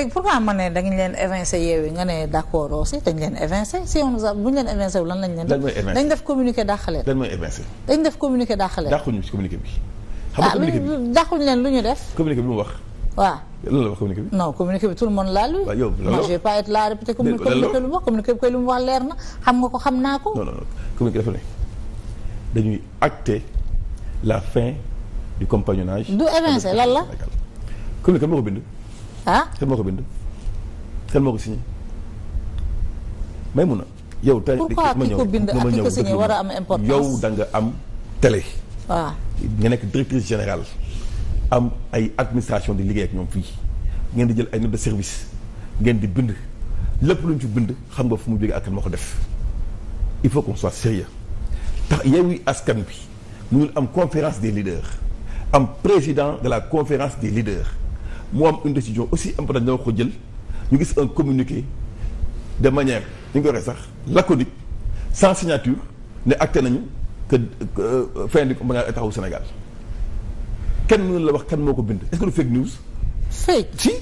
léegi pourquoi ma ne dañu leen évincé yeewi nga ne d' accord aussi dañu leen évincé si on nous a ñu leen évincé wu lan lañ leen. lan mooy évincé dañ def communiqué dàqaleen. lan mooy évincé. dañ def communiqué dàqaleen. dàquñu lu mu wax. waaw la wax communiqué bi. koy lu mu wax leer na xam nga ko xam naa ko. non non non communiqué dafa dañuy acter la fin du compagnonnage. du évincé lan la communiqué bi moo ko bind ah kan moo ko bind kan moo ko signé may mun a yow tey pourquoi ki ko bind ak ki ko signé am importance yow da nga am télé waaw ah. nga nekk directrice générale am ay administration di liggéey ak ñoom fii ngeen di jël ay note service ngeen di bind lépp lu ñu ci bind xam nga fu mu jógee ak moo ko def il faut qu'on soit sérieux tax Yewwi Askan mu mënul am conférence des leaders am président de la conférence des leaders mu am une décision aussi importante danga ko jël ñu gis un communiqué de manière ñu ngi ko waxee sax laconique sans signature ne acté nañu que euh, fin du combat état wu Sénégal kenn mënu la wax kenn moo ko bind est-ce que du fake news. fake si.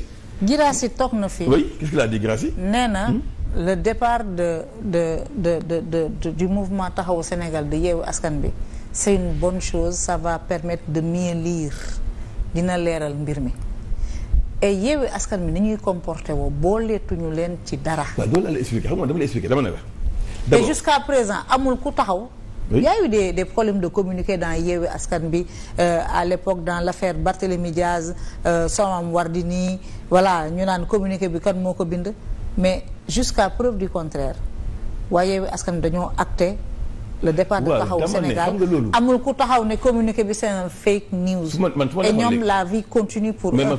Girassi toog na fii. oui qu'est-ce qu'il a dit Girassi. nee na hmm? le départ de de de de de, de du mouvement taxawu Sénégal de yeewu askan bi c'est une bonne chose ça va permettre de mieux lire dina leeral mbir mi. et yeewi askan bi ni ñuy comporté woo booleetuñu leen ci dara. waaw loolu la expliqué xam nga dama la expliqué dama ne la. et jusqu'à présent amul ku taxaw. oui de a de communiquer dans Yewwi Askan Wi euh, à l'époque dans l'affaire Barthélémy Diaz euh, Soham Wardini voilà ñu naan communiqué bi kan moo ko bind. mais jusqu'à preuve du contraire waa Yewwi Askan Wi dañoo acté le départ de Taxawu Sénégal amul ku taxaw ne communiqué bi c'est un fake news. et la vie continue pour man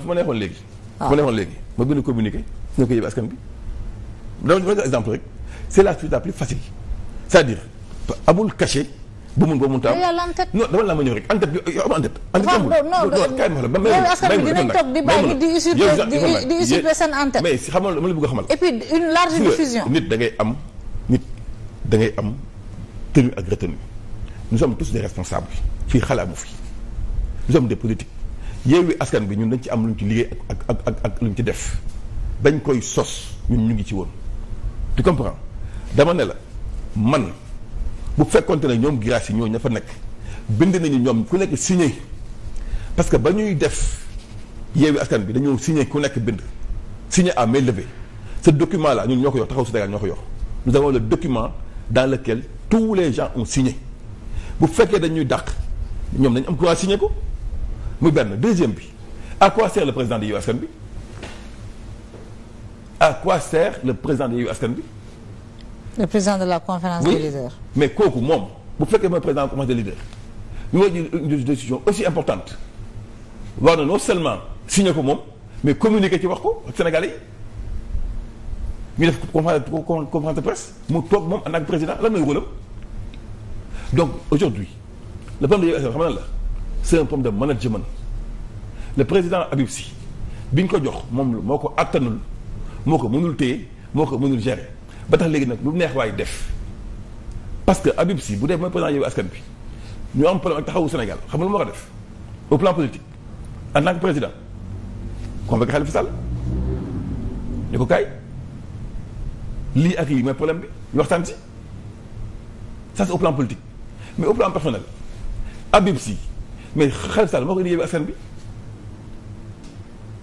Ah. ma defoon léegi ma bind communiqué ñu ko yëb askan bi dama jox exemple rek c'est la suite la plus facile c'est-à-dire amul cachet bu mun boo mun taw non dama la ma rek entête bi am entête entête amul non kaay la ba a xamal et puis une large diffusion nit da ngay am nit da ngay am tenue ak retenue nous sommes tous des responsables fii xalaa mu fi nous sommes des politiques Yewwi Askan bi ñun dañ ci am luñ ci liggéey ak ak ak ak luñ ci def bañ koy sos ñun ñu ngi ci woon tu comprends dama ne la man bu fekkonte ne ñoom grâce yi ñoo ña fa nekk bind nañu ñoom ku nekk signé parce que ba ñuy def Yewwi Askan bi dañoo signé ku nekk bind signé à main levée ce document là ñun ñoo ko yor taxaw Sénégal ñoo ko yor nous avons le document dans lequel tous les gens ont signé bu fekkee dañuy dàq ñoom dañ am courage signé ko muy benn deuxième bi à quoi sert le président de Yewwi Askan Wi à quoi sert le président de Yewwi Askan Wi. le président de la conférence oui. des leaders. mais kooku moom bu fekkee mooy président de la conférence des décision aussi importante war na non seulement signé ko moom mais communiqué ci wax ko ak Sénégalais yi ñu def conférence de presse mu toog moom ànd ak président lan mooy rôle donc aujourd'hui le problème de c'est un problème de management le président Habib Sy bi ñu ko jox moom moo ko attanul moo ko mënul téye moo ko mënul gérer ba tax léegi nag lu neex waay def parce que Habib Sy bu dee mooy président yow askan bi ñu am problème ak taxawu Sénégal xam nga lu ma ko def au plan politique en tant que président convoqué Khalifa Sall ñu ko kaay lii ak lii mooy problème bi ñu waxtaan si ça c'est au plan politique mais au plan personnel Habib Sy mais Khalifa Sall moo ko indi yëbi affaire bi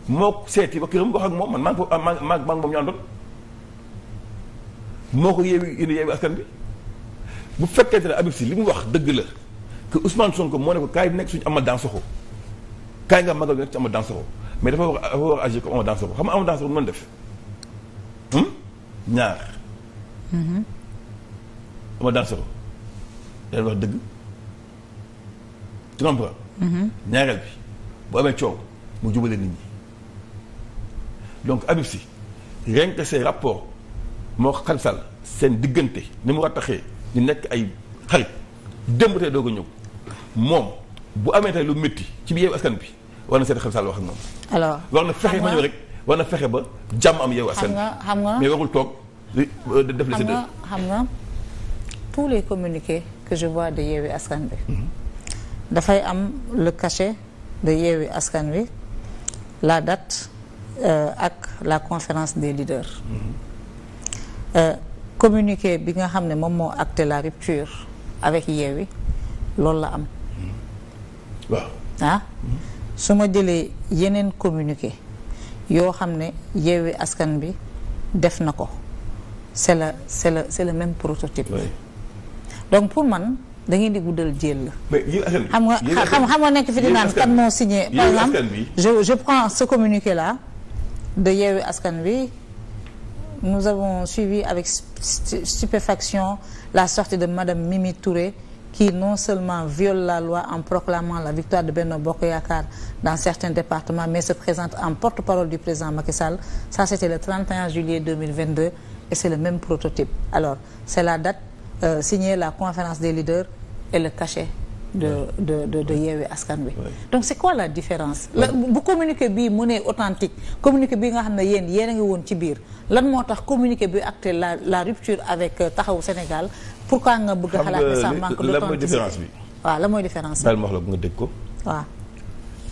moo seeti ba këram wax ak moom man maa ngi ko maa maa ngi moom ñu àndoon moo ko yeewi indi yeewi askan bi bu fekkente ne Habib Sy li mu wax dëgg la que Ousmane Sonko moo ne ko kaay nekk suñu Amath Dansokho kaay nga magal nekk ci Amath Dansokho mais dafa wax dafa wax agir comme Amath Dansokho xam nga Amath Dansokho mën def hmm? ñaar. Mm-hmm. Amath Dansokho dañ wax dëgg. tu comprends. ñaareel bi bu amee coow mu jubale nit ñi donc Habib Sy rien que ces moo Khalifa Sall seen diggante ni mu rattaxee ñu nekk ay xarit démb tey doog a ñëw moom bu amee tey lu métti ci biir askan bi war na seet Khalifa Sall wax ak moom. war na fexe ba jàmm am yow. askan bi mais warul toog euh, def li si xam nga tous les communiqués de Yewwi Askan Wi. Mhm. dafay am le cachet de Yewwi Askan Wi la dat euh, ak la conférence des leaders mm-hmm. euh, communiqué bi nga xam ne moom moo acté la rupture avec Yewwi loolu la am mm-hmm. ah? mm-hmm. su ma jëlee yeneen communiqué yoo xam ne Yewwi Askan bi def na ko c'est la c'est la c'est le même prototype oui. donc pour man da ngeen di guddal jéel la. mais xam xam nga nekk fi di naan kan moo signé. par exemple je prends ce communiqué là de Yewwi Askan Wi nous avons suivi avec stupéfaction la sortie de madame Mimi Touré qui non seulement viole la loi en proclamant la victoire de Benno Bokk Yaakaar dans certains départements mais se présente en porte-parole du président Macky Sall ça c'était le 31 juillet 2022 et c'est le même prototype alors c'est la date euh, la conférence des leaders et le cachet de de de, Askan Wi donc c'est quoi la différence la bu communiqué bii mu ne authentique communiqué bi nga xam ne yéen yéen a ngi woon ci biir lan moo tax communiqué bi acté la la rupture avec euh, Taxawu Sénégal pourquoi nga bëgg a xalaat ne ça manque d'authenticité mooy différence bi waaw la mooy différence daal ma wax la bu nga dégg ko waaw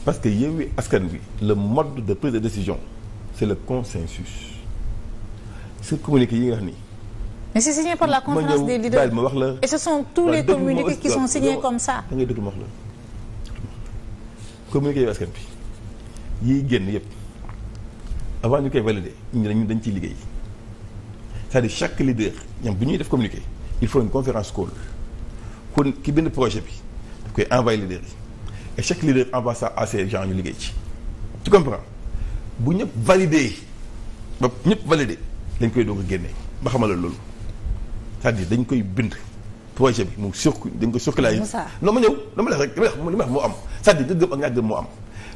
parce que Yewwi Askan bi le mode de prise de décision c'est le consensus ce communiqué yi nga xam ni mais c'est signé par la conférence des leaders ma wax la et ce sont tous ma wax la communiqué yi askan bi yiy génn yëpp avant ñu koy valider ñun dañ ciy liggéey c'est-à-dire chaque leader ñoom bu ñuy def communiqué il faut une conférence call kon ki benn projet bi da koy envoyé leader yi et chaque leader envoie à ses gens ñu liggéey ci. tu comprends bu ñëpp validé ba ñëpp validé lañ koy doog a génne ba loolu. cest à dañ koy bind projet bi mu sur dañ ko circulariser non ma ñëw dama la rek dama la wax moo am c'est-à-dire nga gëm ak ñàkk gëm moo am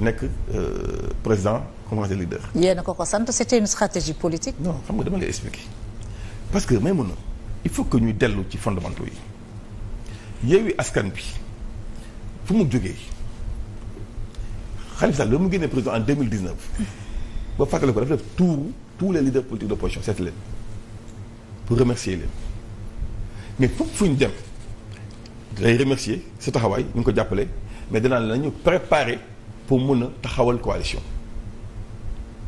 nekk euh, président communauté leader. yéen a ko ko sant c'était une stratégie politique. no xam nga dama lay expliquer parce que may mën na il faut que ñuy dellu ci fondamentaux yi Yewwi Askan bi fu mu jógee Khalifa Sall ba mu génnee président en 2019 ba fàttali ko dafa def tour tous les leaders politiques de leen pour remercier leen mais foofu fu ñu dem lay remercier sa taxawaay ñu ngi ko jàppale mais danaa la ñu pour mën a taxawal coalition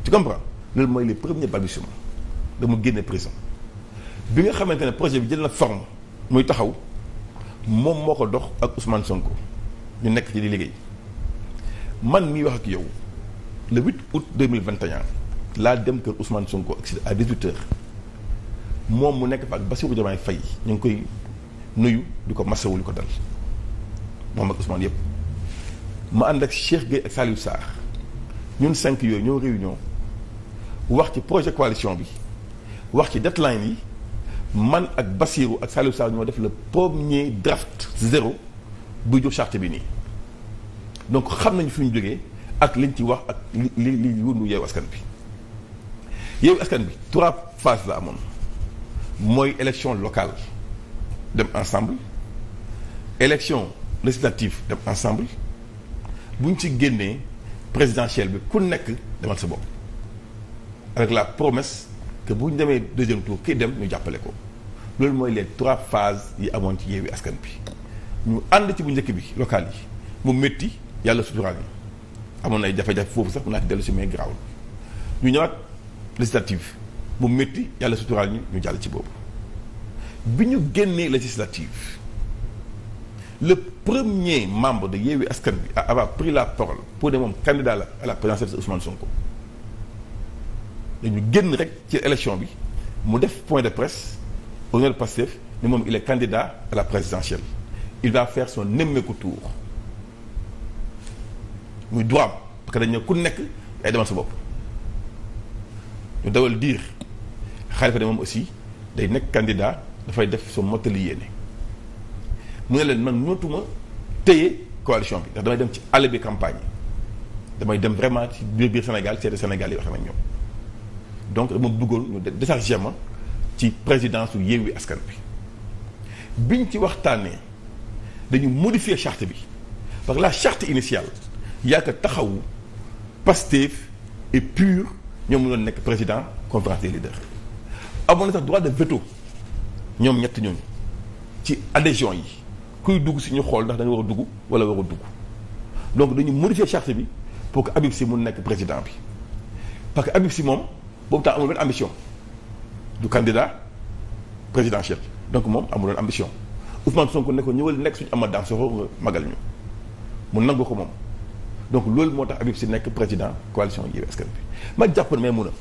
tu comprends loolu mooy les premiers balbutiements mu génne prison bi nga xamante ne projet bi jël na forme muy taxaw moom moo ko dox ak Ousmane Sonko ñu nekk ci di liggéey man miy wax ak yow le 8 août 2021 laa dem kër Ousmane Sonko ak si à 18 moom mu nekk fa ak Bassirou Diomaye Faye ñu ngi koy nuyu di ko masawu li ko dal moom ak Ousmane yëpp. ma ànd ak Cheikh Gueye ak Saliou Sarr ñun cinq yooyu ñoo réunion wax ci projet coalition bi wax ci deadline yi man ak Bassirou ak Saliou Sarr ñoo def le premier draft zéro bu jóg charte bi nii donc xam nañu fi ñu jógee ak liñ ci wax ak li li li wundu yeewu askan bi yeewu askan bi trois phases la amoon mooy élection locale dem ensemble élection législative dem ensemble bu ñu ci génnee présidentielle bi ku nekk demal sa bopp avec la promesse te bu ñu demee deuxième tour kii dem ñu jàppale ko loolu mooy les trois phases yi amoon ci Yewwi Askan bi ñu ànd ci bu njëkk bi local yi mu métti yàlla suturaal yi amoon ay jafe-jafe foofu sax mun naa ci dellu si mais ñu ñëwaat législative mu métti yàlla suturaal ñu ñu jàll ci boobu bi ñu génnee législative le premier membre de Yewwi Askan Wi à avoir pris la parole pour ne moom candidat la à la présidentielle Ousmane Sonko dañu génn rek ci élection bi mu def point de presse au nom de Pastef ne moom il est candidat à la présidentielle il va faire son nemmeeku tour muy droit am parce que ku nekk ay demal sa bopp ñu dawal diir Khalifa ne moom aussi day nekk candidat dafay def son mottali yéene mu ne leen man mënatuma téye coalition bi ndax damay dem ci àll bi campagne damay dem vraiment ci biir biir Sénégal seeti Sénégal yi wax nañ ñoom donc dama bëggoon ñu déchargé ma ci présidence su Yewwi Askan bi biñ ci waxtaanee dañu modifier charte bi parce que la charte initiale yaa ko taxawu Pastef et PUR ñoom doon nekk président conférence des leaders amoon na sax droit de veto ñoom ñett ñooñu ci adhésion yi kuy dugg si ñu xool ndax da nga war a dugg wala war a dugg donc dañu modifier charte bi pour que Habib Sy mun nekk président bi parce que Habib si moom boobu temps amul benn ambition du candidat présidentiel donc moom amuloon ambition Ousmane Sonko ne ko ñëwal nekk suñu amal daan soxla magal ñu mu nangu ko moom donc loolu moo tax Habib si nekk président coalition Yewwi Askan bi ma jàpp ne mais mun a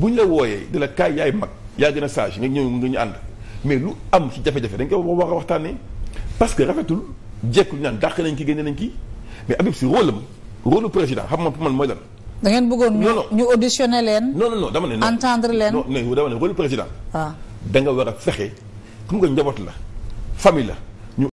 bu ñu la wooyee di la kaay yaay mag yaa gën a sage nga ñëw nga ñu ànd mais lu am ci jafe dañ ko war a waxtaanee. parce que rafetul jekkul naan dàq nañ ki génne nañ kii mais Habib Sy rôle am rôle président xam nga pour man mooy lan. da ngeen bëggoon ñu ñu auditionné leen. non non non dama ne. entendre leen non non dama ne rôle président. waaw ah. da nga war a fexe ku nga njaboot la famille la.